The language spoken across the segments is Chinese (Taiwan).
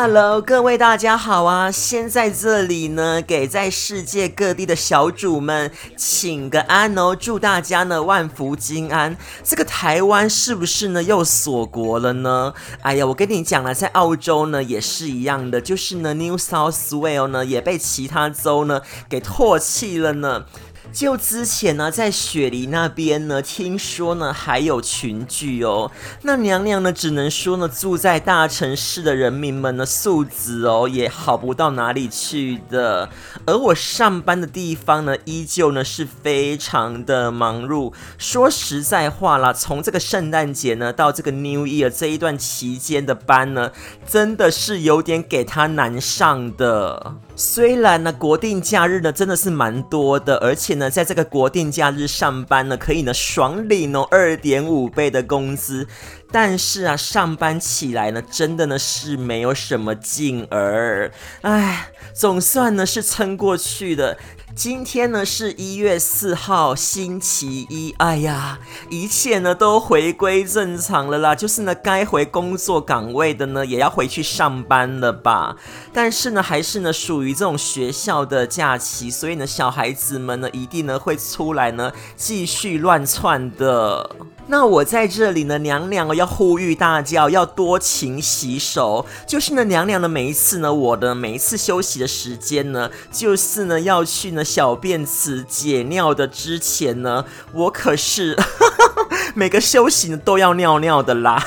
Hello，各位大家好啊！先在這裡呢，給在世界各地的小主們請個安哦，祝大家呢萬福金安。這個台灣是不是呢又鎖國了呢？哎呀，我跟你講了，在澳洲呢也是一樣的，就是呢 New South Wales 呢也被其他州呢給唾棄了呢。就之前呢，在雪梨那邊呢，聽說呢還有群聚哦。那娘娘呢，只能說呢，住在大城市的人民們呢，素質哦也好不到哪裡去的。而我上班的地方呢，依舊呢是非常的忙碌。說實在話啦，從這個聖誕節呢到這個 New Year 這一段期間的班呢，真的是有點給他難上的。雖然呢，國定假日呢真的是蠻多的，而且呢，那在這個國定假日上班呢，可以呢，爽領哦，二點五倍的工資。但是啊，上班起來呢，真的呢是沒有什麼勁兒，哎，總算呢是撐過去的。今天呢是一月四號，星期一，哎呀，一切呢都回歸正常了啦，就是呢該回工作崗位的呢也要回去上班了吧。但是呢還是呢屬於這種學校的假期，所以呢小孩子們呢一定呢會出來呢繼續亂竄的。那我在這裡呢娘娘哦。要呼籲大家要多勤洗手。就是呢，娘娘的每一次呢，我的每一次休息的時間呢，就是呢要去呢小便池解尿的之前呢，我可是 每個休息呢都要尿尿的啦。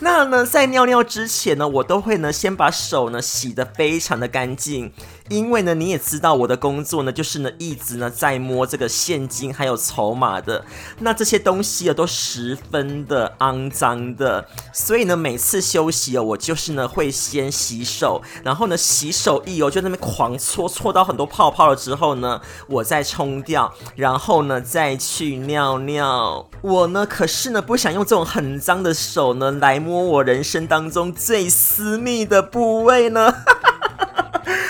那呢，在尿尿之前呢，我都會呢先把手呢洗得非常的乾淨。因為呢，你也知道我的工作呢，就是呢一直呢在摸這個現金還有籌碼的，那這些東西啊都十分的骯髒的，所以呢每次休息哦，我就是呢會先洗手，然後呢洗手液哦就在那邊狂搓，搓到很多泡泡了之後呢，我再沖掉，然後呢再去尿尿。我呢可是呢不想用這種很髒的手呢來摸我人生當中最私密的部位呢。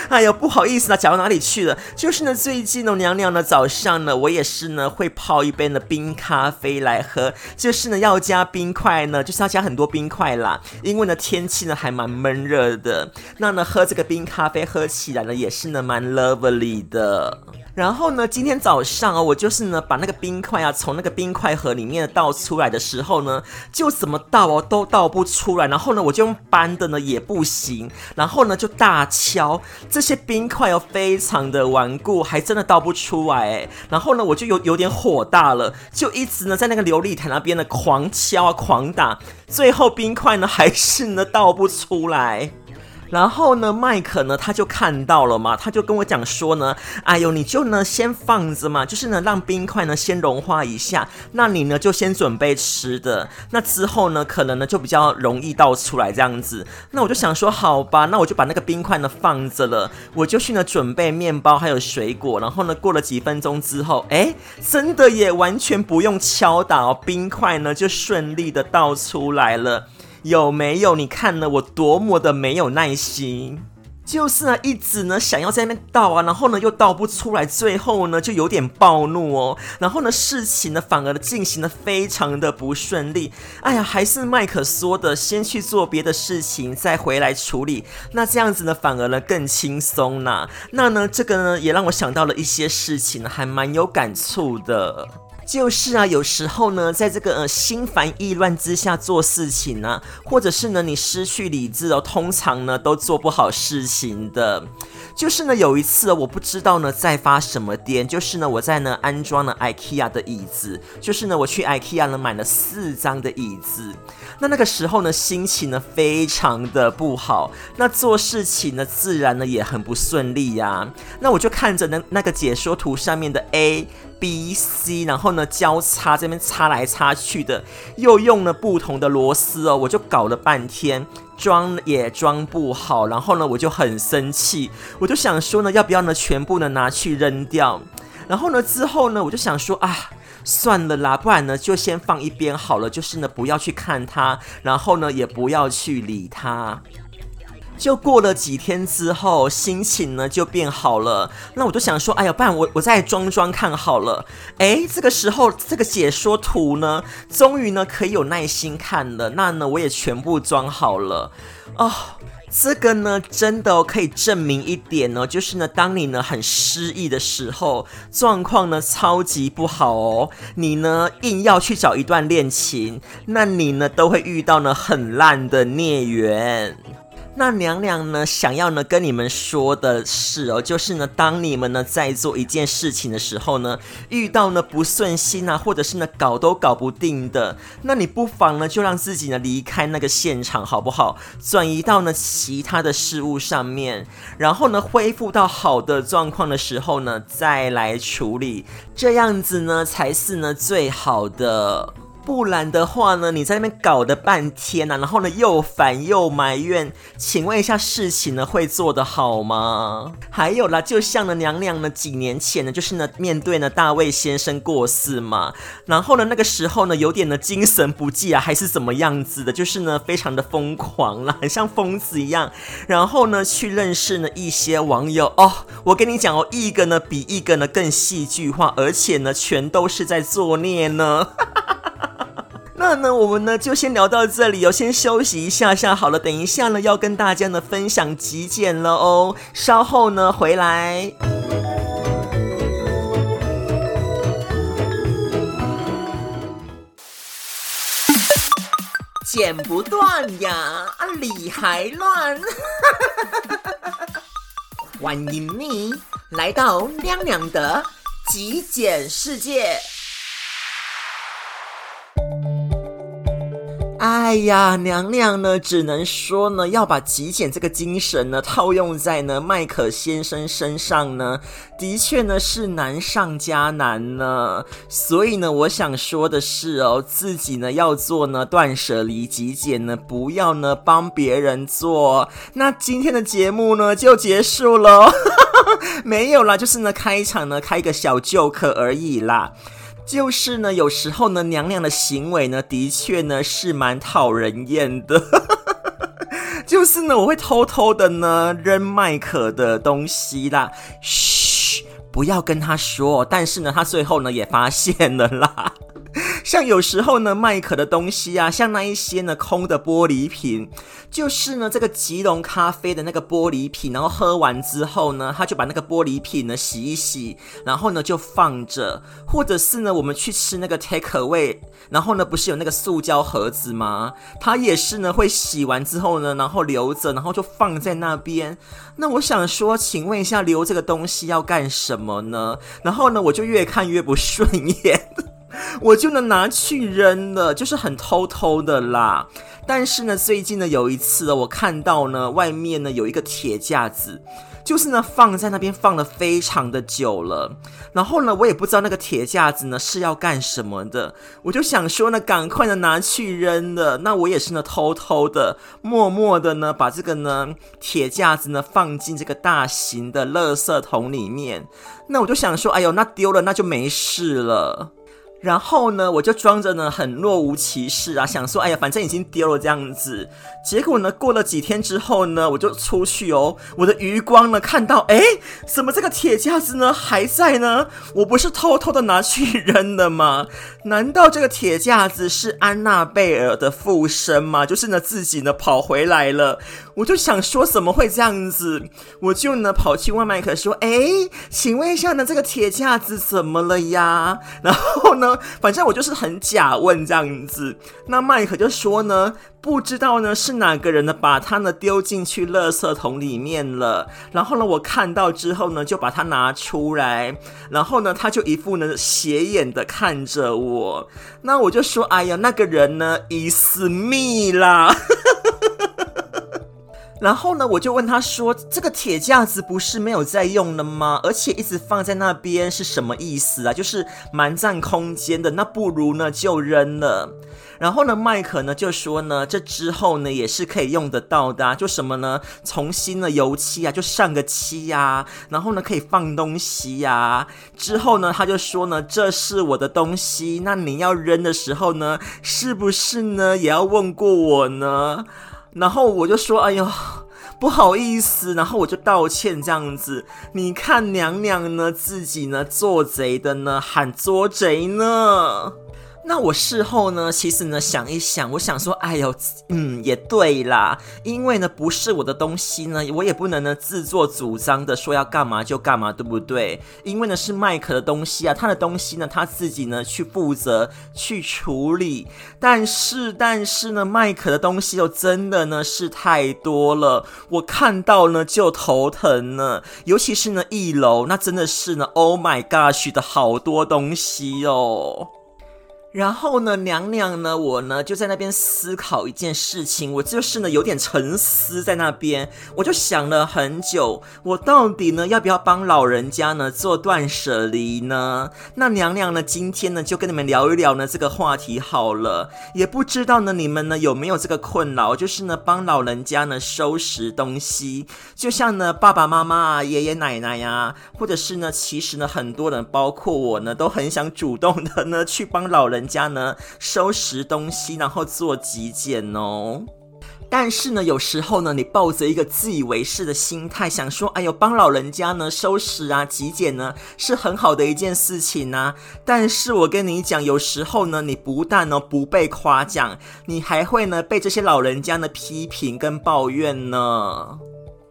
哎呦，不好意思啦，講到哪裡去了？就是呢，最近呢，娘娘呢，早上呢，我也是呢，會泡一杯呢冰咖啡來喝，就是呢，要加冰塊呢，就是要加很多冰塊啦，因為呢，天氣呢還蠻悶熱的，那呢，喝這個冰咖啡喝起來呢，也是呢蠻 lovely 的。然後呢，今天早上啊、哦，我就是呢，把那個冰塊啊，從那個冰塊盒裡面倒出來的時候呢，就怎麼倒哦，都倒不出來。然後呢，我就用扳的呢也不行，然後呢就大敲這些冰塊哦，非常的頑固，還真的倒不出來。然後呢，我就有有點火大了，就一直呢在那個流理台那邊的狂敲啊，狂打，最後冰塊呢還是呢倒不出來。然後呢，麥克呢他就看到了嘛，他就跟我講說呢，哎呦，你就呢先放着嘛，就是呢讓冰塊呢先融化一下，那你呢就先準備吃的，那之後呢可能呢就比較容易倒出來這樣子。那我就想說，好吧，那我就把那個冰塊呢放着了，我就去呢準備麵包還有水果，然後呢過了幾分鐘之後，哎，真的也完全不用敲打哦，冰塊呢就順利的倒出來了。有沒有？你看呢？我多麼的沒有耐心！就是呢，一直呢想要在那邊倒啊，然後呢又倒不出來，最後呢就有點暴怒哦。然後呢事情呢反而進行得非常的不順利。哎呀，還是麥克說的，先去做別的事情，再回來處理。那這樣子呢反而呢更輕鬆啦。那呢這個呢也讓我想到了一些事情，還蠻有感觸的。就是啊，有時候呢，在這個、呃、心煩意亂之下做事情呢、啊，或者是呢你失去理智哦，通常呢都做不好事情的。就是呢有一次、哦，我不知道呢在發什麼癲，就是呢我在呢安裝了 IKEA 的椅子，就是呢我去 IKEA 呢買了四張的椅子。那那個時候呢，心情呢非常的不好，那做事情呢自然呢也很不順利呀、啊。那我就看着呢那個解說圖上面的 A、B、C，然後呢，交叉這邊插來插去的，又用了不同的螺絲哦，我就搞了半天，裝也裝不好，然後呢，我就很生氣，我就想說呢，要不要呢，全部呢拿去扔掉？然後呢，之後呢，我就想說啊，算了啦，不然呢，就先放一邊好了，就是呢，不要去看它，然後呢，也不要去理它。就過了幾天之後，心情呢就變好了。那我就想說，哎呀，不然我我再裝裝看好了。誒，欸，這個時候這個解說圖呢，終於呢可以有耐心看了。那呢我也全部裝好了。哦，這個呢真的哦，可以證明一點呢哦，就是呢當你呢很失意的時候，狀況呢超級不好哦。你呢硬要去找一段戀情，那你呢都會遇到呢很爛的孽緣。那娘娘呢，想要呢跟你們說的是哦，就是呢，當你們呢在做一件事情的時候呢，遇到呢不順心吶、啊，或者是呢搞都搞不定的，那你不妨呢就讓自己呢離開那個現場好不好？轉移到呢其他的事物上面，然後呢恢復到好的狀況的時候呢，再來處理，這樣子呢才是呢最好的。不然的話呢，你在那邊搞得半天吶、啊，然後呢又煩又埋怨，請問一下事情呢會做得好嗎？還有啦，就像呢娘娘呢幾年前呢，就是呢面對呢大衛先生過世嘛，然後呢那個時候呢有點呢精神不濟啊，還是怎麼樣子的，就是呢非常的瘋狂啦、啊、很像瘋子一樣，然後呢去認識呢一些網友哦，我跟你講哦，一個呢比一個呢更戲劇化，而且呢全都是在作孽呢。哈哈那呢，我們呢就先聊到這裡哦，先休息一下下好了。等一下呢要跟大家呢分享極簡了哦，稍後呢回來。剪不斷呀，理還亂。 歡迎你來到娘娘的極簡世界。哎呀，娘娘呢？只能說呢，要把極簡這個精神呢套用在呢麥可先生身上呢，的確呢是難上加難呢。所以呢，我想說的是哦，自己呢要做呢斷捨離極簡呢，不要呢幫別人做。那今天的節目呢就結束囉， 沒有啦，就是呢開場呢開一個小 joke 而已啦。就是呢，有時候呢，娘娘的行為呢，的確呢是蠻討人厭的。 就是呢，我會偷偷的呢扔麥可的東西啦。噓，不要跟他說。但是呢，他最後呢也發現了啦。像有時候呢，麥可的東西啊，像那一些呢空的玻璃瓶，就是呢這個吉隆咖啡的那個玻璃瓶，然後喝完之後呢，他就把那個玻璃瓶呢洗一洗，然後呢就放着，或者是呢我們去吃那個 take away，然後呢不是有那個塑膠盒子嗎？他也是呢會洗完之後呢，然後留着，然後就放在那邊。那我想說，請問一下，留這個東西要幹什麼呢？然後呢我就越看越不順眼。我就能拿去扔了，就是很偷偷的啦。但是呢，最近呢有一次，我看到呢外面呢有一個鐵架子，就是呢放在那邊放了非常的久了。然後呢，我也不知道那個鐵架子呢是要幹什麼的，我就想說呢，趕快呢拿去扔了。那我也是呢偷偷的、默默的呢把這個呢鐵架子呢放進這個大型的垃圾桶裡面。那我就想說，哎呦，那丟了那就沒事了。然後呢，我就裝着呢很若無其事啊，想說哎呀，反正已經丟了這樣子。結果呢，過了幾天之後呢，我就出去哦，我的餘光呢看到，哎，怎麼這個鐵架子呢還在呢？我不是偷偷的拿去扔的嗎？難道這個鐵架子是安娜貝爾的附身嗎？就是呢自己呢跑回來了？我就想說怎麼會這樣子？我就呢跑去問麥克說，哎，請問一下呢，這個鐵架子怎麼了呀？然後呢？反正我就是很假問這樣子，那麥克就說呢，不知道呢是哪個人呢把他呢丟進去垃圾桶裡面了，然後呢我看到之後呢就把它拿出來，然後呢他就一副呢斜眼的看着我，那我就說哎呀那個人呢 is me 啦。 然後呢，我就問他說：“這個鐵架子不是沒有在用了嗎？而且一直放在那邊是什麼意思啊？就是蠻佔空間的，那不如呢就扔了。”然後呢，麥克呢就說呢：“這之後呢也是可以用得到的啊，就什麼呢？重新呢油漆啊，就上個漆呀啊，然後呢可以放東西呀啊。”之後呢，他就說呢：“這是我的東西，那你要扔的時候呢，是不是呢也要問過我呢？”然後我就說：“哎呦，不好意思。”然後我就道歉這樣子。你看娘娘呢，自己呢做賊的呢，喊捉賊。呢。那我事後呢，其實呢，想一想，我想說，哎呦，嗯，也對啦。因為呢，不是我的東西呢，我也不能呢自作主張的說要幹嘛就幹嘛，對不對？因為呢，是麥克的東西啊，他的東西呢，他自己呢去負責去處理。但是，但是呢，麥克的東西又真的呢是太多了，我看到呢就頭疼呢。尤其是呢，一樓那真的是呢，Oh my gosh 的好多東西哦。然後呢，娘娘呢，我呢就在那邊思考一件事情，我就是呢有點沉思在那邊，我就想了很久，我到底呢要不要幫老人家呢做斷捨離呢？那娘娘呢今天呢就跟你們聊一聊呢這個話題好了，也不知道呢你們呢有沒有這個困擾，就是呢幫老人家呢收拾東西，就像呢爸爸媽媽啊，爺爺奶奶呀，或者是呢其實呢很多人，包括我呢都很想主動的呢去幫老人。人家呢收拾東西，然後做極簡哦。但是呢，有時候呢，你抱着一個自以為是的心態，想說，哎呦，幫老人家呢收拾啊，極簡呢是很好的一件事情啊。但是我跟你講，有時候呢，你不但哦不被誇獎，你還會呢被這些老人家呢批評跟抱怨呢。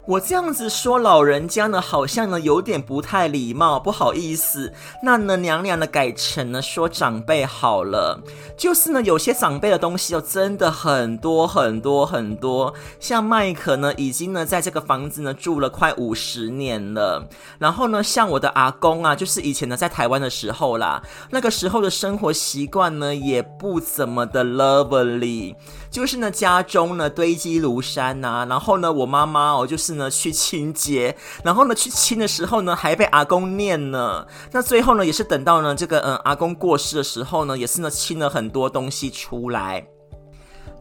我這樣子說老人家呢，好像呢有點不太禮貌，不好意思。那呢，娘娘呢改成呢說長輩好了。就是呢，有些長輩的東西哦，真的很多很多很多。像麥可呢，已經呢在這個房子呢住了快五十年了。然後呢，像我的阿公啊，就是以前呢在台灣的時候啦，那個時候的生活習慣呢也不怎麼的 lovely。就是呢，家中呢堆積如山吶。然後呢，我媽媽哦，就是。呢去清潔，然後呢去清的時候呢，還被阿公念呢。那最後呢，也是等到呢這個嗯阿公過世的時候呢，也是呢清了很多東西出來。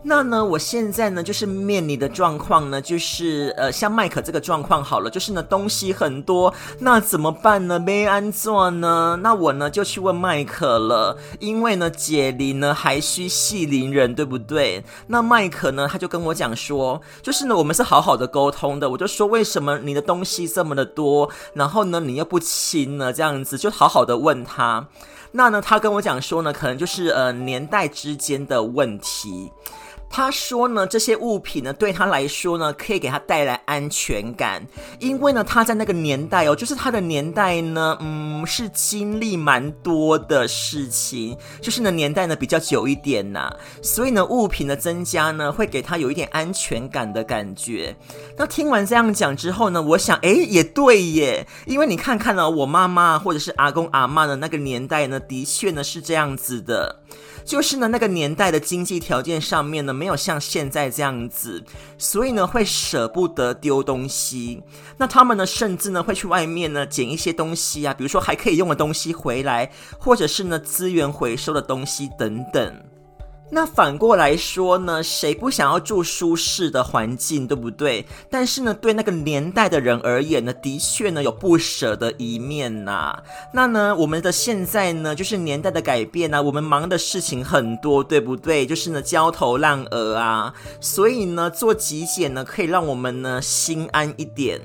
那呢，我現在呢就是面臨的狀況呢，就是呃，像麥克這個狀況好了，就是呢東西很多，那怎麼辦呢？沒安做呢？那我呢就去問麥克了，因為呢解鈴呢還需繫鈴人，對不對？那麥克呢他就跟我講說，就是呢我們是好好的溝通的，我就說，為什麼你的東西這麼的多，然後呢你又不親呢這樣子，就好好的問他。那呢他跟我講說呢，可能就是呃年代之間的問題。他說呢，這些物品呢，對他來說呢，可以給他帶來安全感，因為呢，他在那個年代哦，就是他的年代呢，嗯，是經歷蠻多的事情，就是呢，年代呢比較久一點吶、啊，所以呢，物品的增加呢，會給他有一點安全感的感覺。那聽完這樣講之後呢，我想，誒，也對耶，因為你看看呢、哦，我媽媽或者是阿公阿嬤的那個年代呢，的確呢是這樣子的，就是呢，那個年代的經濟條件上面呢，沒有像現在這樣子，所以呢，會捨不得丟東西。那他們呢，甚至呢，會去外面呢，撿一些東西啊，比如說還可以用的東西回來，或者是呢，資源回收的東西等等。那反過來說呢，誰不想要住舒適的環境，對不對？但是呢，對那個年代的人而言呢，的確呢有不捨的一面吶啊。那呢，我們的現在呢，就是年代的改變啊，我們忙的事情很多，對不對？就是呢焦頭爛額啊，所以呢做極簡呢，可以讓我們呢心安一點。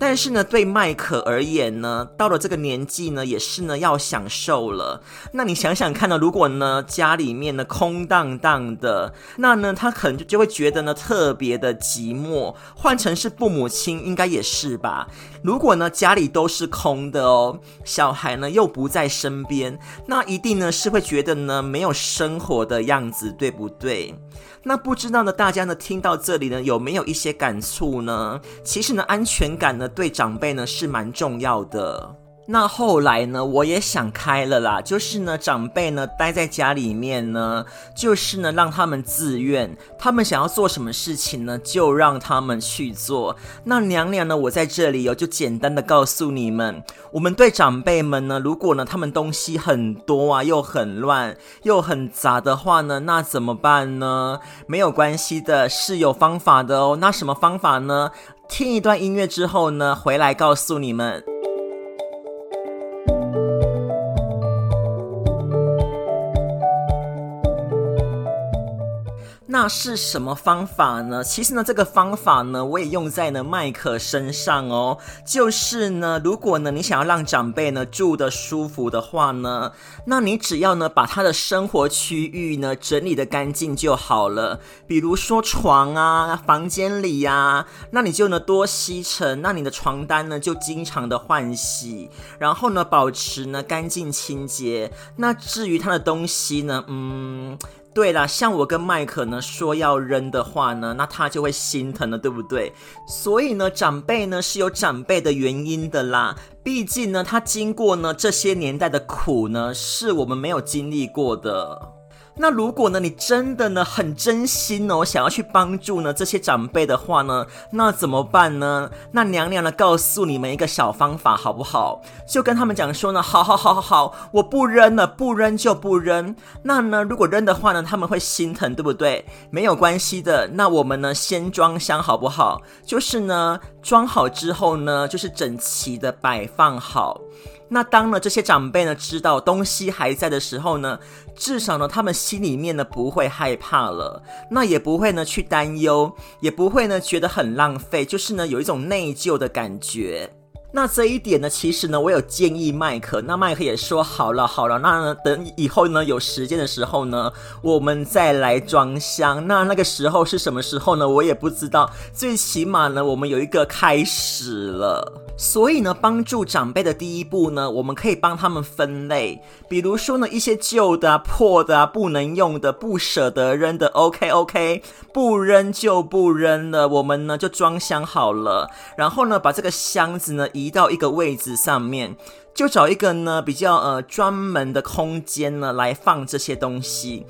但是呢，對麥克而言呢，到了這個年紀呢，也是呢要享受了。那你想想看呢，如果呢家裡面呢空蕩蕩的，那呢他可能就就會覺得呢特別的寂寞。換成是父母親，應該也是吧？如果呢家裡都是空的哦，小孩呢又不在身邊，那一定呢是會覺得呢沒有生活的樣子，對不對？那不知道呢，大家呢聽到這裡呢有沒有一些感觸呢？其實呢，安全感呢對長輩呢是蠻重要的。那後來呢，我也想開了啦，就是呢，長輩呢待在家裡面呢，就是呢，讓他們自願，他們想要做什麼事情呢，就讓他們去做。那娘娘呢，我在這裡哦，就簡單的告訴你們，我們對長輩們呢，如果呢他們東西很多啊，又很亂又很雜的話呢，那怎麼辦呢？沒有關係的，是有方法的哦。那什麼方法呢？聽一段音樂之後呢，回來告訴你們。那是什麼方法呢？其實呢，這個方法呢，我也用在呢麥克身上哦。就是呢，如果呢你想要讓長輩呢住得舒服的話呢，那你只要呢把他的生活區域呢整理得乾淨就好了。比如說床啊、房間裡呀、啊，那你就呢多吸塵。那你的床單呢就經常的換洗，然後呢保持呢乾淨清潔。那至於他的東西呢，嗯。對啦。像我跟邁克呢說要扔的話呢，那他就會心疼了，對不對？所以呢，長輩呢是有長輩的原因的啦。畢竟呢，他經過呢這些年代的苦呢，是我們沒有經歷過的。那如果呢，你真的呢很真心哦，想要去幫助呢這些長輩的話呢，那怎麼辦呢？那娘娘呢告訴你們一個小方法好不好？就跟他們講說呢，好好好好好，我不扔了，不扔就不扔。那呢，如果扔的話呢，他們會心疼，對不對？沒有關係的，那我們呢先裝箱好不好？就是呢裝好之後呢，就是整齊的擺放好。那當了這些長輩呢，知道東西還在的時候呢，至少呢，他們心裡面呢不會害怕了，那也不會呢去擔憂，也不會呢覺得很浪費，就是呢有一種內疚的感覺。那這一點呢，其實呢，我有建議麥克。那麥克也說好了，好了，那呢等以後呢有時間的時候呢，我們再來裝箱。那那個時候是什麼時候呢？我也不知道。最起碼呢，我們有一個開始了。所以呢，幫助長輩的第一步呢，我們可以幫他們分類。比如說呢，一些舊的啊、破的啊、不能用的、不捨得扔的，OK OK，不扔就不扔了。我們呢就裝箱好了。然後呢，把這個箱子呢。移到一個位置上面，就找一個呢比較呃專門的空間呢來放這些東西。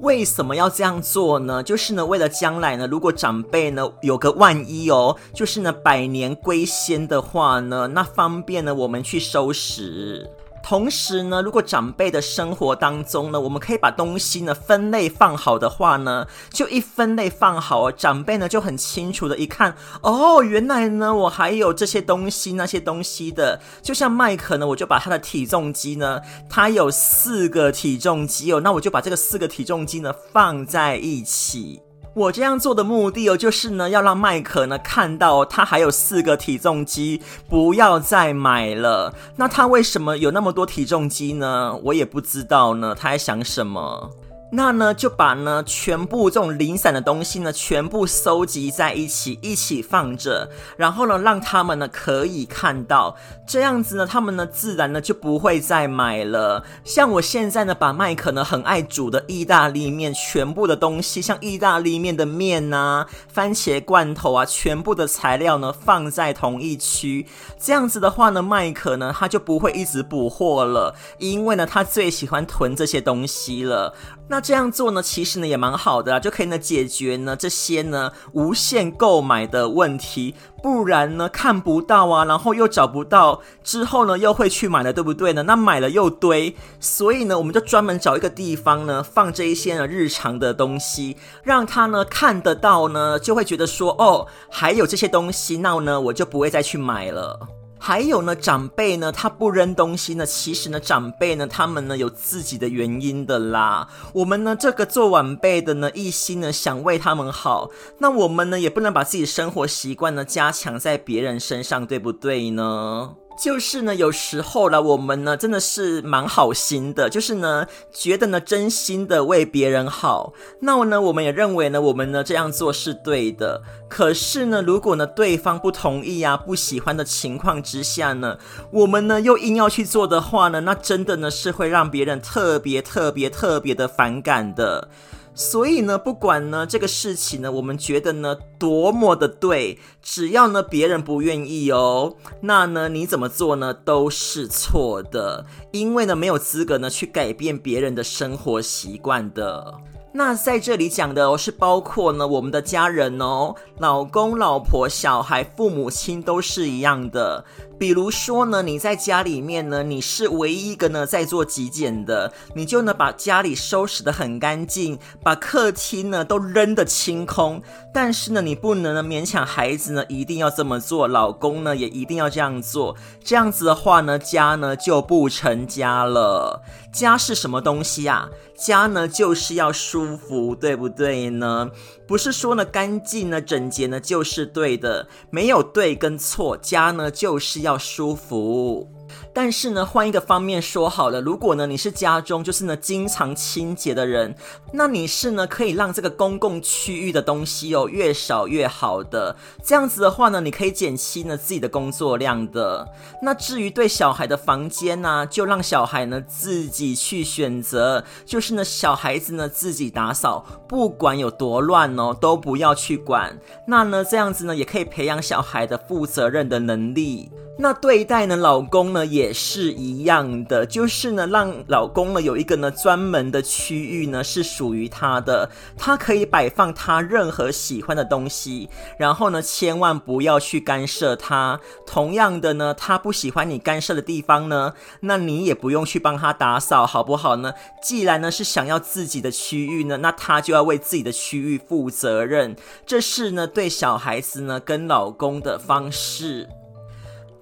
為什麼要這樣做呢？就是呢為了將來呢，如果長輩呢有個萬一哦，就是呢百年歸仙的話呢，那方便呢我們去收拾。同時呢，如果長輩的生活當中呢，我們可以把東西呢分類放好的話呢，就一分類放好，長輩呢就很清楚的一看，哦，原來呢我還有這些東西那些東西的，就像麥克呢，我就把他的體重機呢，他有四個體重機哦，那我就把這個四個體重機呢放在一起。我這樣做的目的哦，就是呢，要讓麥克呢看到他還有四個體重機，不要再買了。那他為什麼有那麼多體重機呢？我也不知道呢，他在想什麼。那呢，就把呢全部這種零散的東西呢，全部收集在一起，一起放着，然後呢，讓他們呢可以看到，這樣子呢，他們呢自然呢就不會再買了。像我現在呢，把麥克呢很愛煮的意大利麵，全部的東西，像意大利麵的麵啊、番茄罐頭啊，全部的材料呢放在同一區，這樣子的話呢，麥克呢他就不會一直補貨了，因為呢他最喜歡囤這些東西了。那這樣做呢，其實呢也蠻好的啦，就可以呢解決呢這些呢無限購買的問題。不然呢看不到啊，然後又找不到，之後呢又會去買了，對不對呢？那買了又堆，所以呢我們就專門找一個地方呢放這一些呢日常的東西，讓他呢看得到呢，就會覺得說哦，還有這些東西，那呢我就不會再去買了。還有呢，長輩呢，他不扔東西呢，其實呢，長輩呢，他們呢有自己的原因的啦。我們呢，這個做晚輩的呢，一心呢想為他們好，那我們呢也不能把自己的生活習慣呢加強在別人身上，對不對呢？就是呢，有時候呢，我們呢真的是蠻好心的，就是呢，覺得呢真心的為別人好。那我呢，我們也認為呢，我們呢這樣做是對的。可是呢，如果呢對方不同意啊，不喜歡的情況之下呢，我們呢又硬要去做的話呢，那真的呢是會讓別人特別特別特別的反感的。所以呢，不管呢這個事情呢，我們覺得呢多麼的對，只要呢別人不願意哦，那呢你怎麼做呢都是錯的，因為呢沒有資格呢去改變別人的生活習慣的。那在這裡講的哦，是包括呢我們的家人哦，老公、老婆、小孩、父母親都是一樣的。比如說呢，你在家裡面呢，你是唯一一個呢在做極簡的，你就呢把家裡收拾得很乾淨，把客廳呢都扔的清空。但是呢，你不能呢勉強孩子呢一定要這麼做，老公呢也一定要這樣做。這樣子的話呢，家呢就不成家了。家是什麼東西啊？家呢就是要舒服，對不對呢？不是說呢乾淨呢整潔呢就是對的，沒有對跟錯。家呢就是要舒服，但是呢，換一個方面說好了，如果呢你是家中就是呢經常清潔的人，那你是呢可以讓這個公共區域的東西哦越少越好的，這樣子的話呢，你可以減輕呢自己的工作量的。那至於對小孩的房間呢、啊，就讓小孩呢自己去選擇，就是呢小孩子呢自己打掃，不管有多亂哦，都不要去管。那呢這樣子呢也可以培養小孩的負責任的能力。那對待呢，老公呢也是一樣的，就是呢，讓老公呢有一個呢專門的區域呢是屬於他的，他可以擺放他任何喜歡的東西，然後呢，千萬不要去干涉他。同樣的呢，他不喜歡你干涉的地方呢，那你也不用去幫他打掃，好不好呢？既然呢是想要自己的區域呢，那他就要為自己的區域負責任。這是呢對小孩子呢跟老公的方式。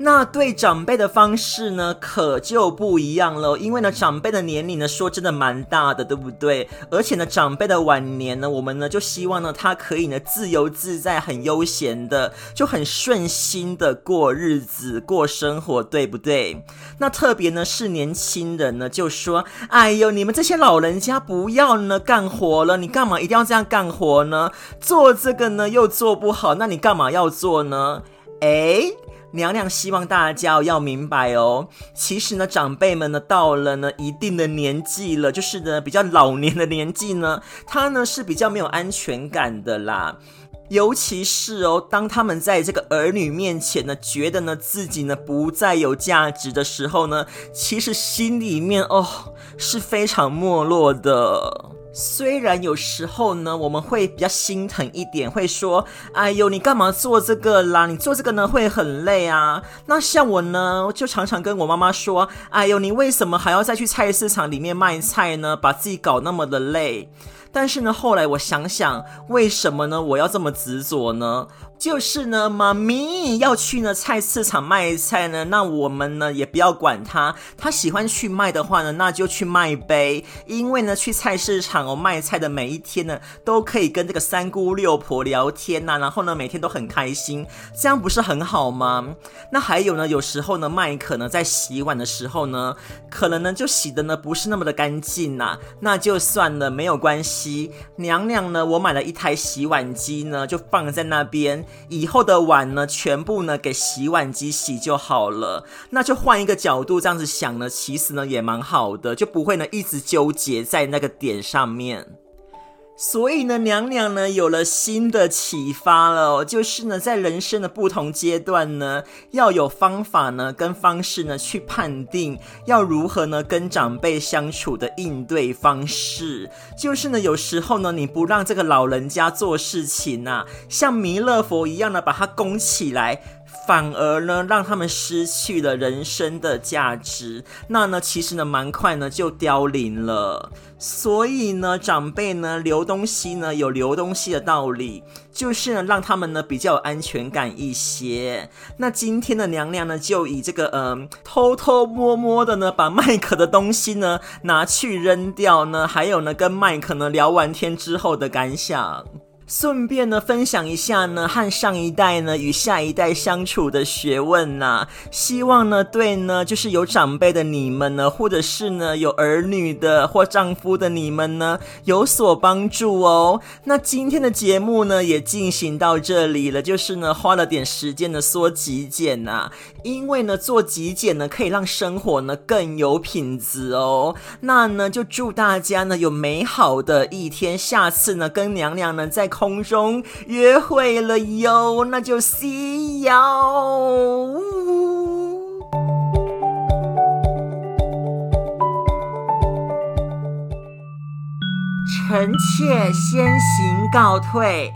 那對長輩的方式呢，可就不一樣了哦。因為呢，長輩的年齡呢，說真的蠻大的，對不對？而且呢，長輩的晚年呢，我們呢就希望呢，他可以呢自由自在、很悠閒的，就很順心的過日子、過生活，對不對？那特別呢是年輕人呢，就說：“哎呦，你們這些老人家不要呢幹活了，你幹嘛一定要這樣幹活呢？做這個呢又做不好，那你干嘛要做呢？”誒。娘娘希望大家要明白哦，其實呢，長輩們呢到了呢一定的年紀了，就是呢比較老年的年紀呢，他呢是比較沒有安全感的啦，尤其是哦，當他們在這個兒女面前呢，覺得呢自己呢不再有價值的時候呢，其實心裡面哦是非常沒落的。雖然有時候呢，我們會比較心疼一點，會說：“哎喲，你幹嘛做這個啦？你做這個呢，會很累啊。”那像我呢，就常常跟我媽媽說：“哎喲，你為什麼還要再去菜市場裡面賣菜呢？把自己搞那麼的累。”但是呢，後來我想想，為什麼呢？我要這麼執着呢？就是呢，媽咪要去呢菜市場賣菜呢，那我們呢也不要管她，她喜歡去賣的話呢，那就去賣唄。因為呢，去菜市場哦賣菜的每一天呢，都可以跟這個三姑六婆聊天吶、啊，然後呢，每天都很開心，這樣不是很好嗎？那還有呢，有時候呢，麥可呢在洗碗的時候呢，可能呢就洗的呢不是那麼的乾淨吶，那就算了，沒有關係。機娘娘呢，我買了一台洗碗機呢，就放在那邊。以後的碗呢，全部呢給洗碗機洗就好了。那就換一個角度這樣子想呢，其實呢也蠻好的，就不會呢一直糾結在那個點上面。所以呢，娘娘呢有了新的啟發了哦，就是呢，在人生的不同階段呢，要有方法呢跟方式呢去判定要如何呢跟長輩相處的應對方式，就是呢，有時候呢你不讓這個老人家做事情吶啊，像彌勒佛一樣的把他供起來。反而呢，讓他們失去了人生的價值。那呢，其實呢，蠻快呢就凋零了。所以呢，長輩呢留東西呢有留東西的道理，就是呢讓他們呢比較有安全感一些。那今天的娘娘呢，就以這個嗯、呃，偷偷摸摸的呢把麥克的東西呢拿去扔掉呢，還有呢跟麥克呢聊完天之後的感想。順便呢，分享一下呢，和上一代呢與下一代相處的學問吶。希望呢，對呢，就是有長輩的你們呢，或者是呢有兒女的或丈夫的你們呢，有所幫助哦。那今天的節目呢，也進行到這裡了，就是呢花了點時間的說極簡吶，因為呢做極簡呢可以讓生活呢更有品質哦。那呢就祝大家呢有美好的一天，下次呢跟娘娘呢再。空中約會了喲，那就西游。 臣妾先行告退。